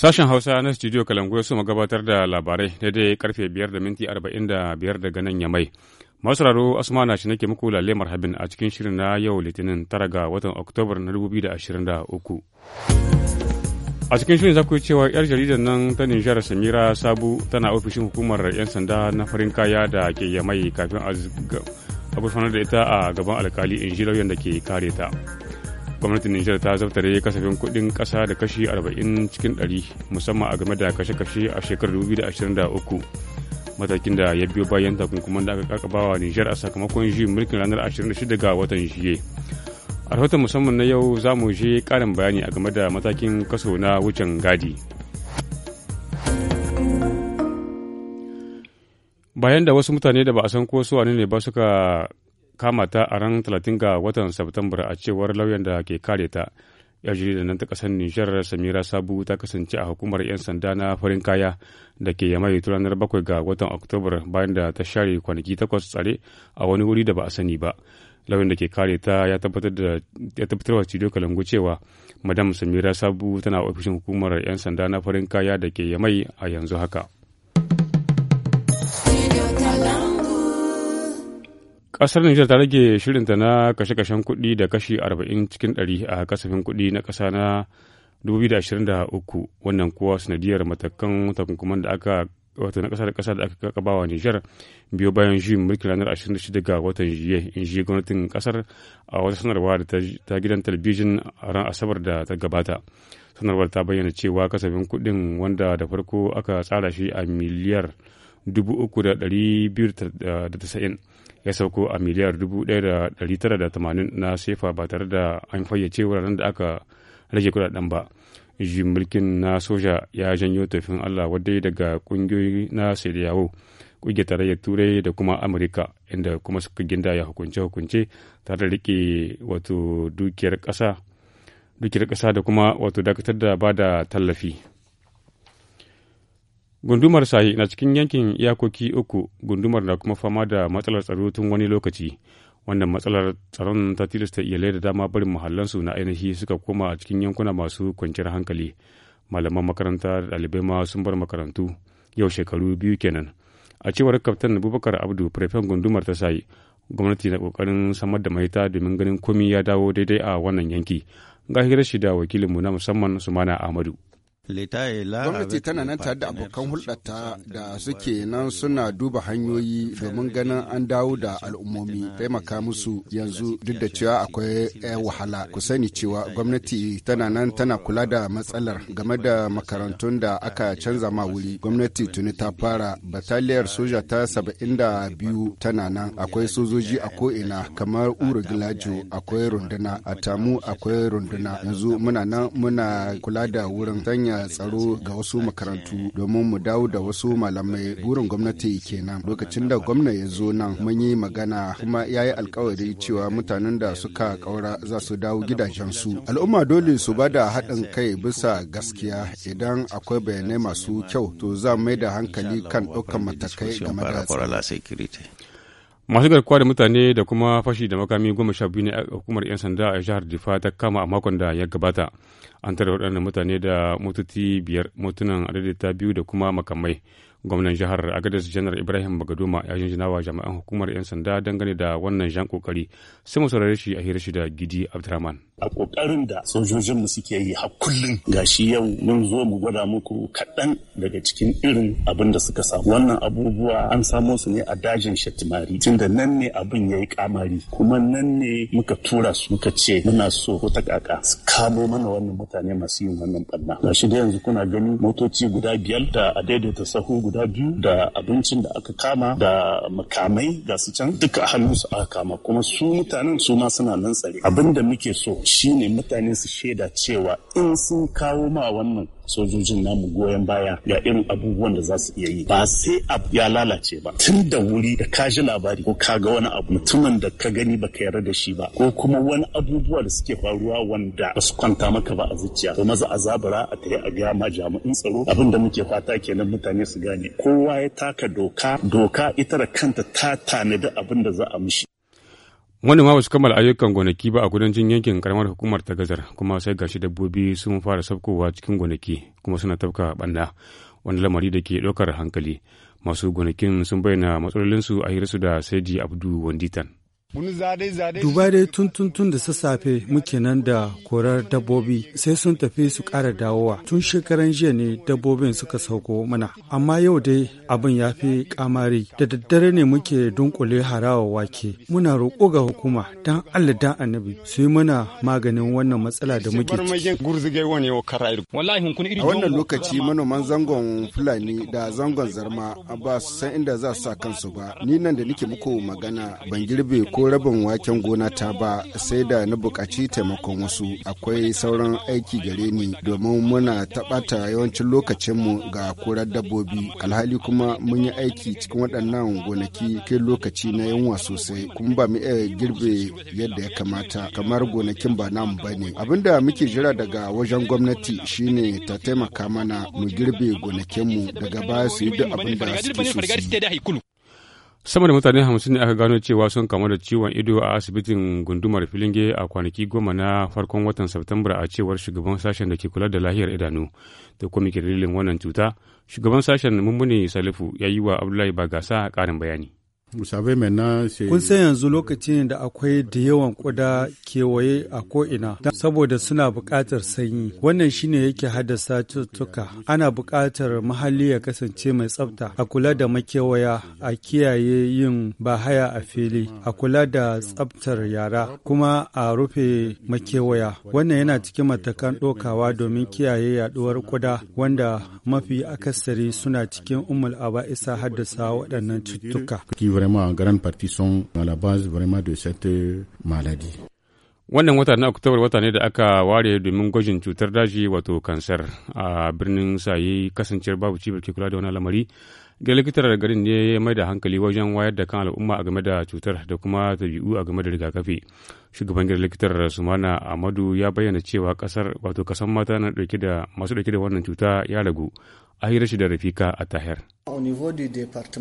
Sashen Hausa na Studio Kalangu ya suma gabatar da labarai daidai karfe 5 da minti 45 daga nan Yamai. Masararo Asma na shi nake muku lalle marhabin a cikin shirin na yau Litinin tara ga watan Oktobar na 2023. A cikin shirin za ku yi cewa 'yar jaridar nan ta Nijar Samira Sabu tana ofishin hukumar 'yan sanda na farin kaya da ke Yamai kafin a gurfanar da ita a gaban alkali in ji lauyan da ke kare ta. gwamnatin nijar ta zartare kasafin kudin kasa da kashi 40 cikin 100 musamman a game da kashe-kashe a shekarar 2023 matakin da ya biyo bayan takunkuman da aka kakabawa nijar a sakamakon ji mulkin ranar 26 ga watan jiye. a rahoton musamman na yau za mu je karin bayani a game da matakin kaso na wucin gadi bayan da wasu mutane da ba a san ko su ne ba suka kama ta a ran 30 ga watan Satumbar a cewar lauyan da ke kare ta. yar jaridar nan ta kasar Nijar Samira Sabu ta kasance a hukumar 'yan sanda na farin kaya da ke yamai ranar bakwai ga watan Oktobar bayan da ta share kwanaki takwas tsare a wani wuri da ba a sani ba. Lauyan da ke kare ta ya tabbatar da ya tabbatar wa Cidio Kalangu cewa Madam Samira Sabu tana ofishin hukumar 'yan sanda na farin kaya da ke yamai a yanzu haka. kasar Nijar ta rage shirinta na kashe-kashen kuɗi da kashi 40 cikin 100 a kasafin kuɗi na ƙasa na 2023 wannan kuwa sanadiyar matakan takunkuman da aka wato na ƙasa da ƙasa da aka kaba wa Nijar biyo bayan juyin mulki ranar 26 ga watan jiye in ji gwamnatin ƙasar a wata sanarwa da ta gidan talabijin a ran Asabar da ta gabata. Sanarwar ta bayyana cewa kasafin kuɗin wanda da farko aka tsara shi a miliyar ya sauko a miliyar 1,980 na sefa ba tare da an fayyace wuraren da aka rage kudaden ba juyin mulkin na soja ya janyo tafin allah wadda daga kungiyoyi na sediyawo kungiyar tarayyar turai da kuma amurka inda kuma suka ginda ya hukunce-hukunce tare da rike wato dukiyar kasa da kuma wato dakatar da ba da tallafi Gundumar Sahi na cikin yankin iyakoki uku, gundumar na kuma fama da matsalar tsaro tun wani lokaci. Wannan matsalar tsaron ta tilasta iyalai da dama barin mahallansu na ainihi suka koma a cikin yankuna masu kwanciyar hankali. Malaman makaranta da ɗalibai ma sun bar makarantu yau shekaru biyu kenan. A cewar Kaftan Abubakar Abdu, firfen gundumar ta Sahi, gwamnati na ƙoƙarin samar da maita domin ganin komi ya dawo daidai a wannan yanki. Ga hirar shi da wakilinmu na musamman Sumana Ahmadu. Gwamnati tana nan tare da abokan hulɗarta da suke nan suna duba hanyoyi domin ganin an dawo da al'ummomi taimaka musu yanzu duk da cewa akwai ya wahala. Ku sani cewa gwamnati tana nan tana kula da matsalar game da makarantun da aka canza ma wuri. Gwamnati tuni ta fara bataliyar soja ta saba'in da biyu tana nan akwai sojoji a ko'ina kamar uru gilajo akwai runduna a tamu akwai runduna yanzu muna nan muna kula da wurin sanya da tsaro ga wasu makarantu domin mu dawo da wasu malamai burin gwamnati kenan lokacin da gwamna ya zo nan mun yi magana kuma ya yi alkawari cewa mutanen da suka kaura za su dawo gidajensu al'umma dole su ba da haɗin kai bisa gaskiya idan akwai bayanai masu kyau to za mai da hankali kan ɗaukar matakai game da masu garkuwa da mutane da kuma fashi da makami goma sha biyu ne hukumar 'yan sanda a jihar difa ta kama a makon da ya gabata an tara waɗannan mutane da mututi biyar motunan adadita biyu da kuma makamai gwamnan jihar agadis janar ibrahim bagaduma ya jinjina wa jami'an hukumar 'yan sanda dangane da wannan jan kokari sai mu saurare shi a hira shi da gidi abdurrahman a kokarin da sojojinmu suke yi har kullum shi yau mun zo mu gwada muku kaɗan daga cikin irin abin da suka samu wannan abubuwa an samo su ne a dajin shatimari tunda nan ne abin ya yi kamari kuma nan ne muka tura su muka ce muna so ko ta kaka su kamo mana wannan mutane masu yin wannan ɓanna gashi da yanzu kuna gani motoci guda biyar da a daidaita sahu guda biyu da abincin da aka kama da makamai ga su can duka su aka kama kuma su mutanen su ma suna nan tsare abin da muke so shine mutane su shaida cewa in sun kawo ma wannan sojojin namu goyon baya ga irin abubuwan da za su iya yi ba sai abu ya lalace ba tun da wuri da ka ji labari ko ka ga wani abu mutumin da ka gani ba ka yarda da shi ba ko kuma wani abubuwa da suke faruwa wanda ba su kwanta maka ba a zuciya to maza a zabura a tare a gaya ma jami'in tsaro abin da muke fata kenan mutane su gane kowa ya taka doka doka ita da kanta ta tanadi abin da za a mishi wani ba su kammala ayyukan gonaki ba a kudancin yankin karamar hukumar ta gazar kuma sai gashi dabbobi sun fara sabkowa cikin gonaki kuma suna tafka banna wani lamari da ke ɗaukar hankali masu gonakin sun bayyana matsalolinsu a hirarsu da saidi abdu wanditan Duba dai tun tun da sassafe muke nan da korar dabbobi sai sun tafi su kara dawowa tun shekaran jiya ne dabbobin suka sauko mana amma yau dai abin ya fi kamari da daddare ne muke dunkule harawa wake muna roƙo ga hukuma don Allah da annabi su yi mana maganin wannan matsala da muke a wannan lokaci manoman zangon fulani da zangon zarma ba su san inda za su sa kansu ba ni nan da nake muku magana ban girbe ko ko rabin waken gona ta ba sai da na bukaci taimakon wasu akwai sauran aiki gare ni domin muna taɓata yawancin lokacinmu ga korar dabbobi alhali kuma mun yi aiki cikin waɗannan gonaki kai lokaci na yunwa sosai kuma ba mu iya girbe yadda ya kamata kamar gonakin ba namu ba ne abinda muke jira daga wajen gwamnati shine ta taimaka mana mu girbe gonakinmu daga baya su yi duk abin da suke so sama da mutane hamsin ne aka gano cewa sun kamu da ciwon ido a asibitin gundumar filinge a kwanaki goma na farkon watan Satumbar a cewar shugaban sashen da ke kula da lahiyar idanu da kuma ke dalilin wannan cuta shugaban sashen mummuni salifu ya yi wa abdullahi bagasa karin bayani Kun san yanzu lokacin da akwai da yawan kuda kewaye a ko'ina saboda suna buƙatar sanyi. Wannan shine yake haddasa cututtuka. Ana buƙatar muhalli ya kasance mai tsafta, a kula da makewaya, a kiyaye yin bahaya a fili, a kula da tsaftar yara, kuma a rufe makewaya. Wannan yana cikin matakan ɗokawa domin kiyaye yaɗuwar kuda wanda mafi akasari suna cikin umul isa haddasa waɗannan cututtuka. vraiment en grande partie sont à la base vraiment de cette euh, maladie. Wannan wata na Oktobar wata ne da aka ware domin gwajin cutar daji wato kansar a birnin saye kasancewar babu cibiyar ke kula da wani lamari. Ga likitar garin ne ya mai da hankali wajen wayar da kan al'umma a game da cutar da kuma tabi'u a game da rigakafi. Shugaban gidan likitar Sumana Amadu ya bayyana cewa kasar wato kasan mata na dauke da masu dauke da wannan cuta ya ragu. A hira shi da Rafika a Tahir.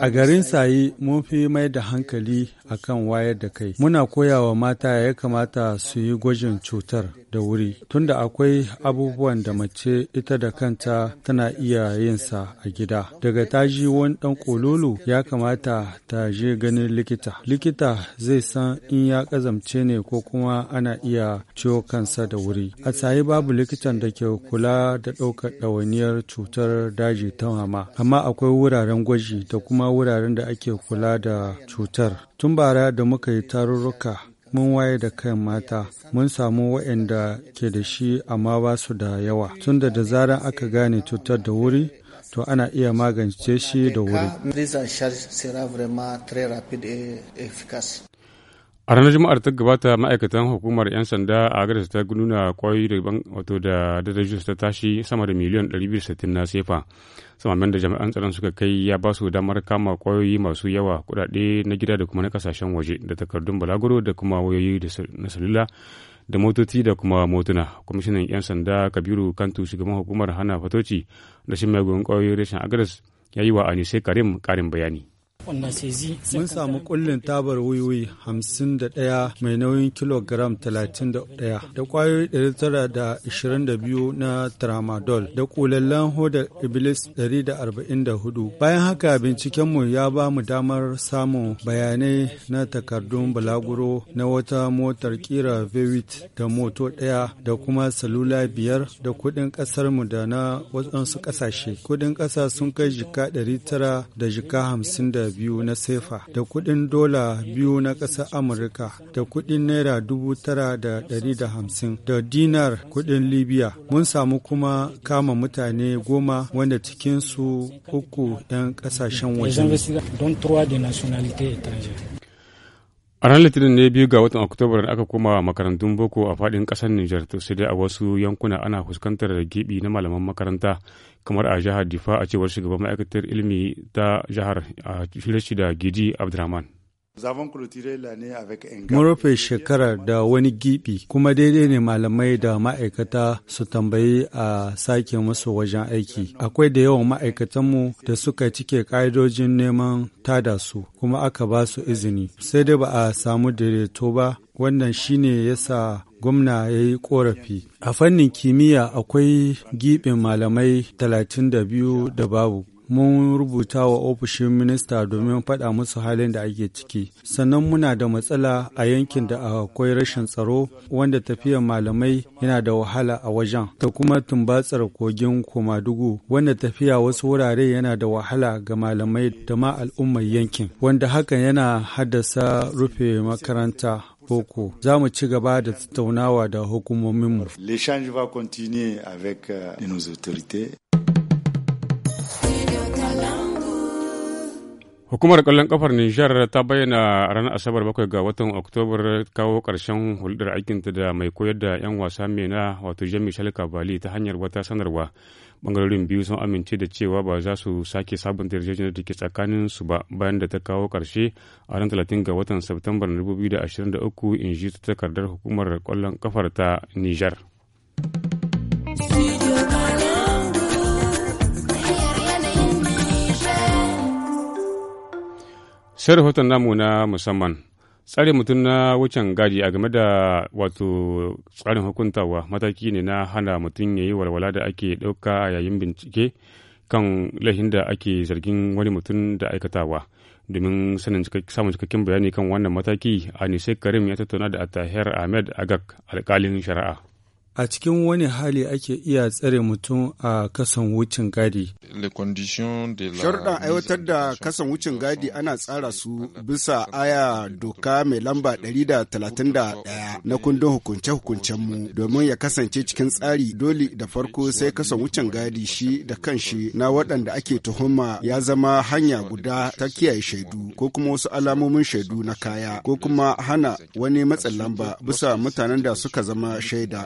A garin sayi mun fi mai da hankali a kan wayar da kai. Muna koyawa mata ya kamata su yi gwajin cutar da wuri, tunda akwai abubuwan da mace ita da kanta tana iya yin sa a gida. Daga ta ji wani ɗan kololo ya kamata ta je ganin likita. Likita zai san in ya ƙazamce ne ko kuma ana iya ciwo kansa da wuri. A sayi babu likitan da ke kula da ɗaukar ɗawainiyar cutar daji ta mama, amma akwai wuraren gwaji da kuma wuraren da ake kula da cutar. Tun bara da muka yi tarurruka mun waye da kan mata mun samu waɗanda ke da shi amma ba su da yawa tunda da zarar aka gane cutar da wuri to ana iya magance shi da wuri. a ranar juma'ar ta gabata ma'aikatan hukumar 'yan sanda a gadar ta nuna kwayoyi daban wato da darajar ta tashi sama da miliyan 260 na sefa samamin da jami'an tsaron suka kai ya ba su damar kama kwayoyi masu yawa kudade na gida da kuma na kasashen waje da takardun balaguro da kuma wayoyi na salula da motoci da kuma motuna kwamishinan 'yan sanda kabiru kantu shugaban hukumar hana fatoci da shi mai kwayoyin rashin agres ya yi wa anise karim karin bayani Mun samu kullin tabar wiwi 51 mai nauyin kilogram 31 da kwayoyi 922 na tramadol da kulallen hodar iblis 144. Bayan haka bincikenmu ya ba mu damar samun bayanai na takardun balaguro na wata motar kira Vewit da moto ɗaya da kuma salula biyar da kuɗin ƙasarmu da na wasu ƙasashe. Kuɗin ƙasa sun kai jika 900 da jika 52. biyu na sefa da kuɗin dola biyu na ƙasar amurka da kuɗin naira dubu tara da ɗari da hamsin da dinar kuɗin libya mun samu kuma kama mutane goma wanda cikinsu uku 'yan ƙasashen waje a ranar litinin ne biyu ga watan oktoba da aka koma makarantun boko a fadin kasar niger to sai dai a wasu yankuna ana fuskantar gibi na malaman makaranta kamar a jihar difa a cewar shugaban ma'aikatar ilimi ta jihar a da gidi abdurrahman Mun rufe shekarar da wani gibi kuma daidai ne malamai da ma'aikata su tambayi a sake musu wajen aiki. Akwai da yawan ma'aikatanmu da suka cike ƙa'idojin neman tada su kuma aka ba su izini. Sai dai ba a samu daidaito ba wannan shine sa gwamna ya yi korafi a fannin kimiyya akwai gibin malamai 32 da babu mun rubuta wa ofishin minista domin faɗa musu halin da ake ciki sannan muna da matsala a yankin da akwai rashin tsaro wanda tafiyar malamai yana da wahala a wajen da kuma tumbatsar kogin komadugu wanda tafiya wasu wurare yana da wahala ga malamai da ma al'ummar yankin wanda hakan yana haddasa rufe makaranta boko za mu ci gaba da tattaunawa da hukumominmu. mu Hukumar kwallon ƙafar Nijar ta bayyana ranar Asabar bakwai ga watan Oktobar kawo ƙarshen hulɗar aikinta da mai koyar da 'yan wasa mena wato Jean Michel Kabali ta hanyar wata sanarwa. Bangarorin biyu sun amince da cewa ba za su sake sabunta yarjejeniyar da ke tsakanin su ba bayan da ta kawo ƙarshe a ran 30 ga watan Satumbar 2023 in ji takardar hukumar kwallon ƙafar ta Nijar. sai rahoton namu na musamman tsarin mutum na wucin gadi a game da wato tsarin hukuntawa mataki ne na hana mutum ya yi walwala da ake ɗauka a yayin bincike kan laifin da ake zargin wani mutum da aikatawa domin samun cikakken bayani kan wannan mataki a karim ya tattauna da attahiyar ahmed agak alkalin shari'a a cikin wani hali ake iya tsare mutum a kasan wucin gadi. Sharuɗan aiwatar da kasan wucin gadi ana tsara su bisa aya doka mai lamba 131 na kundin hukunce hukuncen mu domin ya kasance cikin tsari dole da farko sai kasan wucin gadi shi da kanshi na waɗanda ake tuhuma ya zama hanya guda ta kiyaye shaidu ko kuma wasu alamomin shaidu na kaya ko kuma hana wani matsin lamba bisa mutanen da suka zama shaida